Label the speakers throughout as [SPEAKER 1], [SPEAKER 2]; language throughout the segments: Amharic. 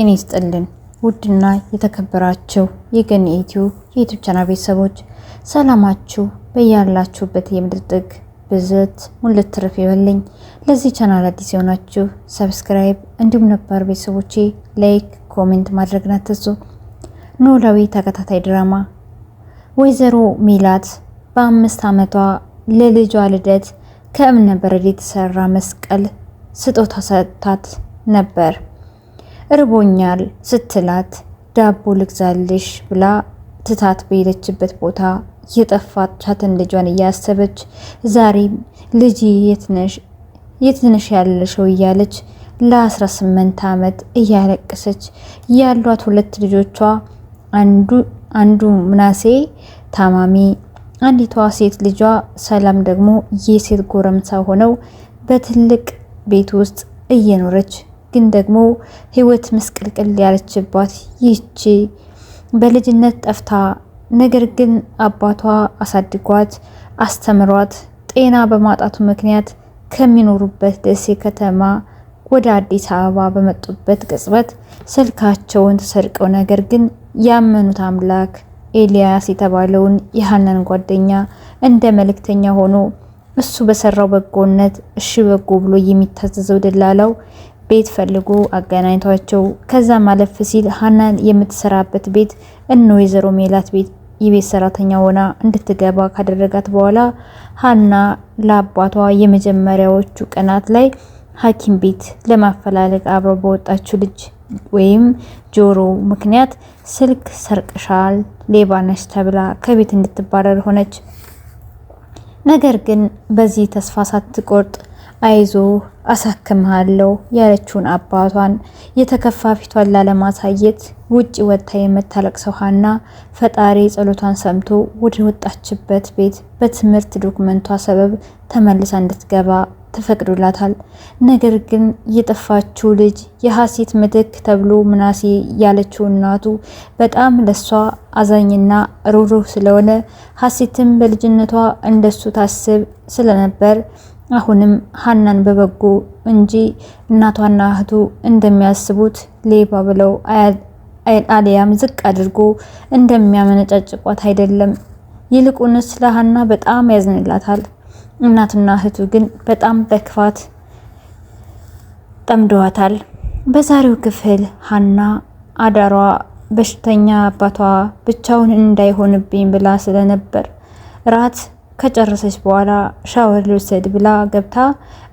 [SPEAKER 1] ጤና ይስጥልን ውድና የተከበራችሁ የገኒ ኢትዮ የዩቱብ ቻናል ቤተሰቦች ሰላማችሁ በያላችሁበት የምድር ጥግ ብዝት ሙልት ትርፍ ይበልኝ። ለዚህ ቻናል አዲስ የሆናችሁ ሰብስክራይብ፣ እንዲሁም ነባር ቤተሰቦቼ ላይክ፣ ኮሜንት ማድረግን አትርሱ። ኖላዊ ተከታታይ ድራማ ወይዘሮ ሚላት በአምስት ዓመቷ ለልጇ ልደት ከእብነ በረድ የተሰራ መስቀል ስጦታ ሰጥታት ነበር። እርቦኛል ስትላት ዳቦ ልግዛልሽ ብላ ትታት በሄደችበት ቦታ የጠፋቻትን ልጇን እያሰበች ዛሬም ልጅ የትንሽ ያለሽው እያለች ለ18 ዓመት እያለቀሰች ያሏት ሁለት ልጆቿ አንዱ ምናሴ ታማሚ፣ አንዲቷ ሴት ልጇ ሰላም ደግሞ የሴት ጎረምሳ ሆነው በትልቅ ቤት ውስጥ እየኖረች ግን ደግሞ ህይወት ምስቅልቅል ያለችባት ይቺ በልጅነት ጠፍታ ነገር ግን አባቷ አሳድጓት አስተምሯት ጤና በማጣቱ ምክንያት ከሚኖሩበት ደሴ ከተማ ወደ አዲስ አበባ በመጡበት ቅጽበት ስልካቸውን ተሰርቀው ነገር ግን ያመኑት አምላክ ኤልያስ የተባለውን የሀናን ጓደኛ እንደ መልእክተኛ ሆኖ እሱ በሰራው በጎነት እሺ በጎ ብሎ የሚታዘዘው ደላላው ቤት ፈልጎ አገናኝቷቸው ከዛ ማለፍ ሲል ሀናን የምትሰራበት ቤት እነ ወይዘሮ ሜላት ቤት የቤት ሰራተኛ ሆና እንድትገባ ካደረጋት በኋላ ሀና ለአባቷ የመጀመሪያዎቹ ቀናት ላይ ሐኪም ቤት ለማፈላለግ አብረው በወጣችው ልጅ ወይም ጆሮ ምክንያት ስልክ ሰርቅሻል፣ ሌባ ነሽ ተብላ ከቤት እንድትባረር ሆነች። ነገር ግን በዚህ ተስፋ ሳትቆርጥ አይዞ አሳክምሃለሁ ያለችውን አባቷን የተከፋ ፊቷን ላለማሳየት ውጭ ወጥታ የምታለቅሰው ሀና ፈጣሪ ጸሎቷን ሰምቶ ወደ ወጣችበት ቤት በትምህርት ዶክመንቷ ሰበብ ተመልሳ እንድትገባ ተፈቅዶላታል። ነገር ግን የጠፋችው ልጅ የሀሴት ምትክ ተብሎ ምናሴ ያለችው እናቱ በጣም ለሷ አዛኝና ሩሩህ ስለሆነ ሀሴትም በልጅነቷ እንደሱ ታስብ ስለነበር አሁንም ሀናን በበጎ እንጂ እናቷና እህቱ እንደሚያስቡት ሌባ ብለው አሊያም ዝቅ አድርጎ እንደሚያመነጫጭቋት አይደለም። ይልቁንስ ለሀና በጣም ያዝንላታል። እናትና እህቱ ግን በጣም በክፋት ጠምደዋታል። በዛሬው ክፍል ሀና አዳሯ በሽተኛ አባቷ ብቻውን እንዳይሆንብኝ ብላ ስለነበር ራት ከጨረሰች በኋላ ሻወር ልውሰድ ብላ ገብታ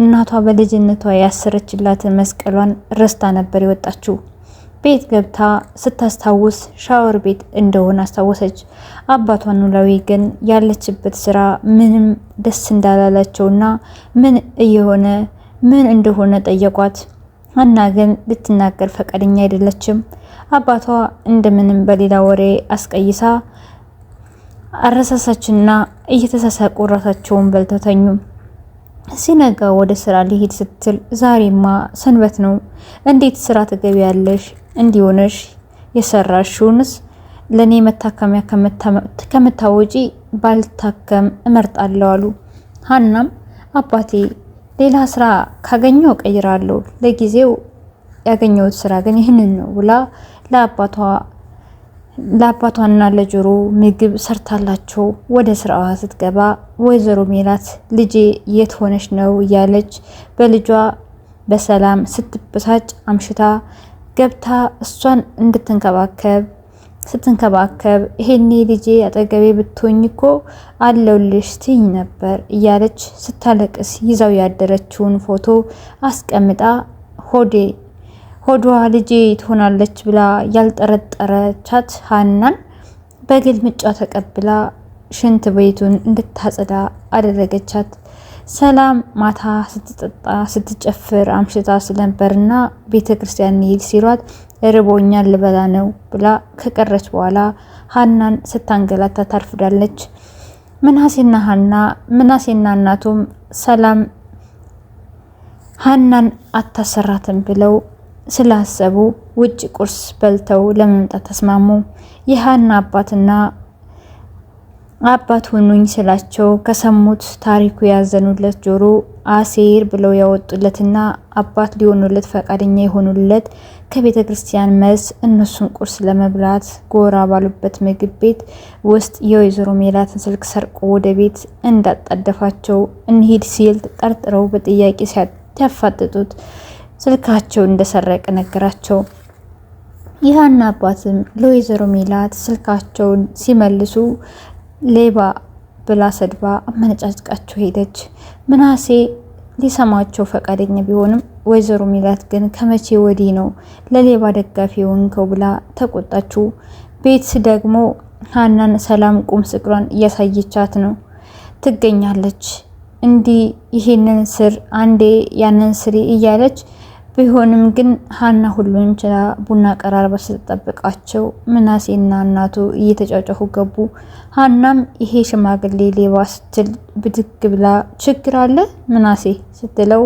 [SPEAKER 1] እናቷ በልጅነቷ ያሰረችላትን መስቀሏን ረስታ ነበር የወጣችው። ቤት ገብታ ስታስታውስ ሻወር ቤት እንደሆነ አስታወሰች። አባቷ ኖላዊ ግን ያለችበት ስራ ምንም ደስ እንዳላላቸውና ምን እየሆነ ምን እንደሆነ ጠየቋት። ሀና ግን ልትናገር ፈቃደኛ አይደለችም። አባቷ እንደምንም በሌላ ወሬ አስቀይሳ አረሳሳችና እየተሳሳቁ ራሳቸውን በልተው ተኙ። ሲነጋ ወደ ስራ ሊሄድ ስትል ዛሬማ ሰንበት ነው፣ እንዴት ስራ ትገቢያለሽ? እንዲሆነሽ የሰራሽውንስ ለእኔ መታከሚያ ከምታወጪ ባልታከም እመርጣለሁ አሉ። ሀናም አባቴ ሌላ ስራ ካገኘው ቀይራለሁ፣ ለጊዜው ያገኘሁት ስራ ግን ይህንን ነው ብላ ለአባቷ ለአባቷና ለጆሮ ምግብ ሰርታላቸው ወደ ስራዋ ስትገባ ወይዘሮ ሜላት ልጄ የት ሆነች ነው እያለች በልጇ በሰላም ስትበሳጭ አምሽታ ገብታ እሷን እንድትንከባከብ ስትንከባከብ ይሄኔ ልጄ አጠገቤ ብትሆኝ እኮ አለውልሽ ትኝ ነበር እያለች ስታለቅስ ይዛው ያደረችውን ፎቶ አስቀምጣ ሆዴ ሆዷ ልጄ ትሆናለች ብላ ያልጠረጠረቻት ሀናን በግልምጫ ተቀብላ ሽንት ቤቱን እንድታጸዳ አደረገቻት። ሰላም ማታ ስትጠጣ ስትጨፍር አምሽታ ስለነበርና ቤተ ክርስቲያን ይል ሲሏት ርቦኛል ልበላ ነው ብላ ከቀረች በኋላ ሀናን ስታንገላታ ታርፍዳለች። ምናሴና ሀና ምናሴና እናቱም ሰላም ሀናን አታሰራትም ብለው ስላሰቡ ውጭ ቁርስ በልተው ለመምጣት ተስማሙ። የሀና አባትና አባት ሁኑኝ ስላቸው ከሰሙት ታሪኩ ያዘኑለት ጆሮ አሴር ብለው ያወጡለትና አባት ሊሆኑለት ፈቃደኛ የሆኑለት ከቤተ ክርስቲያን መልስ እነሱን ቁርስ ለመብላት ጎራ ባሉበት ምግብ ቤት ውስጥ የወይዘሮ ሜላትን ስልክ ሰርቆ ወደ ቤት እንዳጣደፋቸው እንሂድ ሲል ጠርጥረው በጥያቄ ሲያፋጥጡት ስልካቸው እንደሰረቀ ነገራቸው። ይህና አባትም ለወይዘሮ ሜላት ስልካቸውን ሲመልሱ ሌባ ብላ ሰድባ አመነጫጭቃቸው ሄደች። ምናሴ ሊሰማቸው ፈቃደኛ ቢሆንም ወይዘሮ ሜላት ግን ከመቼ ወዲህ ነው ለሌባ ደጋፊ የሆንከው ብላ ተቆጣችው። ቤት ደግሞ ሀናን ሰላም ቁም ስቅሏን እያሳየቻት ነው ትገኛለች። እንዲህ ይህንን ስር አንዴ ያንን ስሪ እያለች ቢሆንም ግን ሀና ሁሉን ችላ ቡና ቀራርባ ስትጠብቃቸው ምናሴና እናቱ እየተጫጨሁ ገቡ። ሀናም ይሄ ሽማግሌ ሌባ ስትል ብድግ ብላ ችግር አለ ምናሴ ስትለው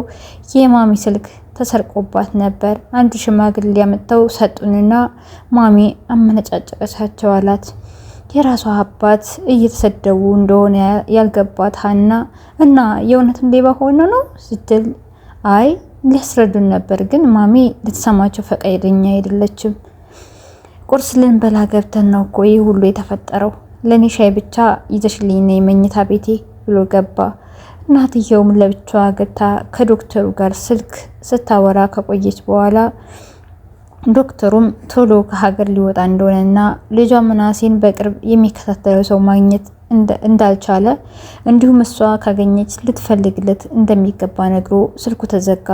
[SPEAKER 1] የማሚ ስልክ ተሰርቆባት ነበር፣ አንድ ሽማግሌ አመጥተው ሰጡንና ማሚ አመነጫጨቀቻቸው አላት። የራሷ አባት እየተሰደቡ እንደሆነ ያልገባት ሀና እና የእውነትም ሌባ ሆነ ነው ስትል አይ ሊያስረዱን ነበር፣ ግን ማሚ ልትሰማቸው ፈቃደኛ አይደለችም። ቁርስ ልንበላ ገብተን ነው እኮ ይህ ሁሉ የተፈጠረው። ለእኔ ሻይ ብቻ ይዘሽልኝ ነይ መኝታ ቤቴ ብሎ ገባ። እናትየውም ለብቻዋ ገብታ ከዶክተሩ ጋር ስልክ ስታወራ ከቆየች በኋላ ዶክተሩም ቶሎ ከሀገር ሊወጣ እንደሆነና ልጇ ምናሴን በቅርብ የሚከታተለው ሰው ማግኘት እንዳልቻለ እንዲሁም እሷ ካገኘች ልትፈልግለት እንደሚገባ ነግሮ ስልኩ ተዘጋ።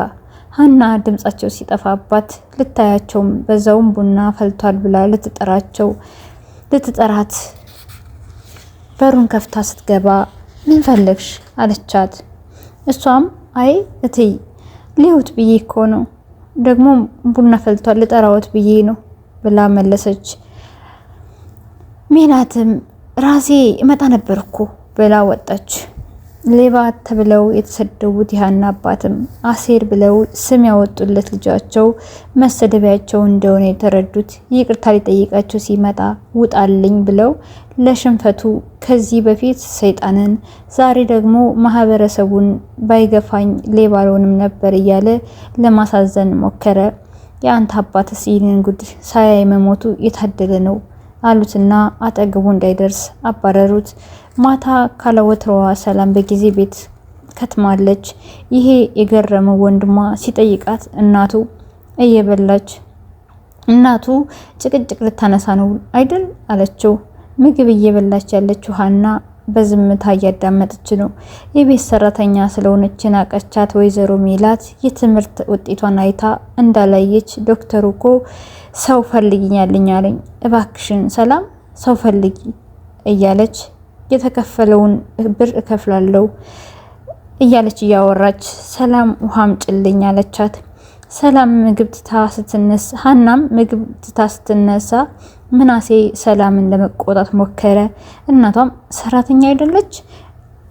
[SPEAKER 1] ሀና ድምጻቸው ሲጠፋባት ልታያቸውም በዛውም ቡና ፈልቷል ብላ ልትጠራቸው ልትጠራት በሩን ከፍታ ስትገባ ምን ፈለግሽ አለቻት። እሷም አይ እትይ ሊሁት ብዬ እኮ ነው ደግሞ ቡና ፈልቷል ልጠራዎት ብዬ ነው ብላ መለሰች። ሜላትም ራሴ እመጣ ነበርኩ ብላ ወጣች። ሌባ ተብለው የተሰደቡት የሀና አባትም አሴር ብለው ስም ያወጡለት ልጃቸው መሰደቢያቸው እንደሆነ የተረዱት ይቅርታ ሊጠይቃቸው ሲመጣ ውጣልኝ ብለው ለሽንፈቱ ከዚህ በፊት ሰይጣንን ዛሬ ደግሞ ማህበረሰቡን ባይገፋኝ ሌባ አልሆንም ነበር እያለ ለማሳዘን ሞከረ። የአንተ አባትስ ይህንን ጉድ ሳያይ መሞቱ የታደለ ነው። አሉትና አጠገቡ እንዳይደርስ አባረሩት። ማታ ካለወትሮዋ ሰላም በጊዜ ቤት ከትማለች። ይሄ የገረመው ወንድሟ ሲጠይቃት እናቱ እየበላች እናቱ ጭቅጭቅ ልታነሳ ነው አይደል አለችው። ምግብ እየበላች ያለችው ሀና በዝምታ እያዳመጠች ነው። የቤት ሰራተኛ ስለሆነች ናቀቻት። ወይዘሮ ሜላት የትምህርት ውጤቷን አይታ እንዳላየች ዶክተሩ እኮ ሰው ፈልግኛለኝ አለኝ፣ እባክሽን ሰላም ሰው ፈልጊ እያለች የተከፈለውን ብር እከፍላለሁ እያለች እያወራች ሰላም ውሃም ጭልኝ አለቻት። ሰላም ምግብ ትታ ስትነሳ ሀናም ምግብ ትታ ስትነሳ ምናሴ ሰላምን ለመቆጣት ሞከረ። እናቷም ሰራተኛ አይደለች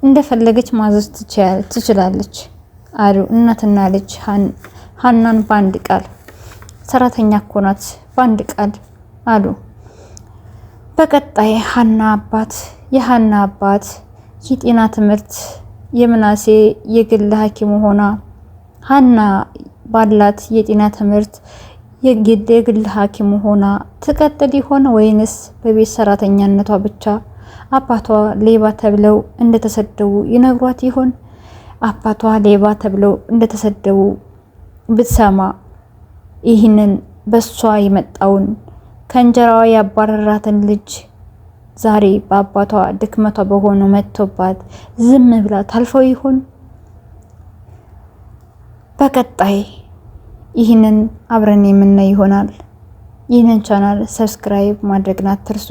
[SPEAKER 1] እንደፈለገች ማዘዝ ትችላለች አሉ እናትና ልጅ ሀናን በአንድ ቃል። ሰራተኛ እኮ ናት በአንድ ቃል አሉ። በቀጣይ ሀና አባት የሀና አባት የጤና ትምህርት የምናሴ የግል ሐኪም ሆና ሀና ባላት የጤና ትምህርት የግል ሐኪም ሆና ትቀጥል ይሆን ወይንስ በቤት ሰራተኛነቷ ብቻ አባቷ ሌባ ተብለው እንደተሰደቡ ይነግሯት ይሆን? አባቷ ሌባ ተብለው እንደተሰደቡ ብትሰማ ይህንን በሷ የመጣውን ከእንጀራዋ ያባረራትን ልጅ ዛሬ በአባቷ ድክመቷ በሆነ መጥቶባት ዝም ብላ ታልፈው ይሆን? በቀጣይ ይህንን አብረን የምናይ ይሆናል። ይህንን ቻናል ሰብስክራይብ ማድረግን አትርሱ።